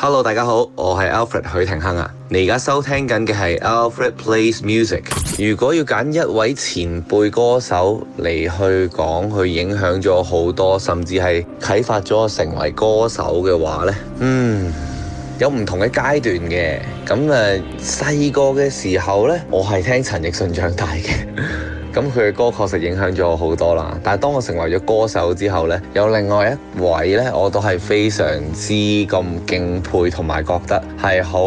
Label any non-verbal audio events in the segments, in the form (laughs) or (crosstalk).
Hello，大家好，我係 Alfred 許廷鏗啊！你而家收聽緊嘅係 Alfred Plays Music。如果要揀一位前輩歌手嚟，去講，去影響咗好多，甚至係啟發咗我成為歌手嘅話呢，嗯，有唔同嘅階段嘅。咁誒，細個嘅時候呢，我係聽陳奕迅長大嘅。 (laughs) 咁佢嘅歌確實影響咗我好多啦，但係當我成為咗歌手之後咧，有另外一位咧，我都係非常之咁敬佩同埋覺得係好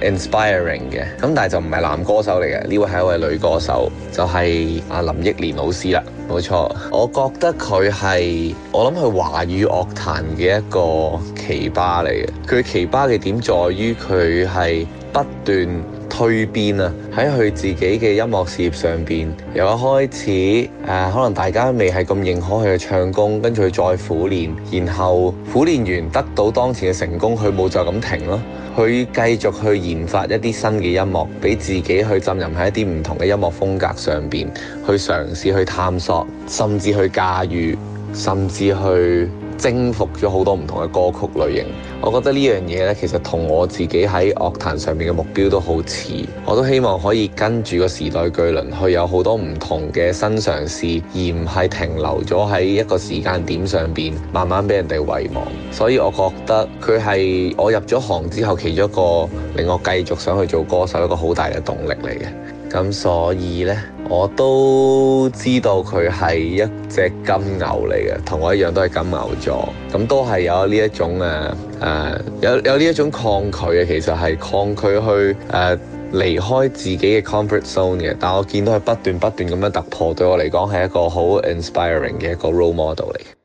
inspiring 嘅。咁但係就唔係男歌手嚟嘅，呢位係一位女歌手，就係阿林憶蓮老師啦。冇錯，我覺得佢係我諗佢華語樂壇嘅一個奇葩嚟嘅。佢奇葩嘅點在於佢係不斷，蛻變啊！喺佢自己嘅音樂事業上邊，由一開始誒，可能大家未係咁認可佢嘅唱功，跟住佢再苦練，然後苦練完得到當前嘅成功，佢冇就咁停咯，佢繼續去研發一啲新嘅音樂，俾自己去浸淫喺一啲唔同嘅音樂風格上邊，去嘗試去探索，甚至去駕馭，甚至去。征服咗好多唔同嘅歌曲類型，我覺得呢樣嘢咧，其實同我自己喺樂壇上面嘅目標都好似，我都希望可以跟住個時代巨輪去有好多唔同嘅新嘗試，而唔係停留咗喺一個時間點上邊，慢慢俾人哋遺忘。所以，我覺得佢係我入咗行之後其中一個令我繼續想去做歌手一個好大嘅動力嚟嘅。咁所以咧。我都知道佢係一隻金牛嚟嘅，同我一樣都係金牛座，咁都係有呢一種、呃、有有呢一種抗拒嘅，其實係抗拒去誒、呃、離開自己嘅 comfort zone 嘅。但我見到佢不斷不斷咁樣突破，對我嚟講係一個好 inspiring 嘅一個 role model 嚟。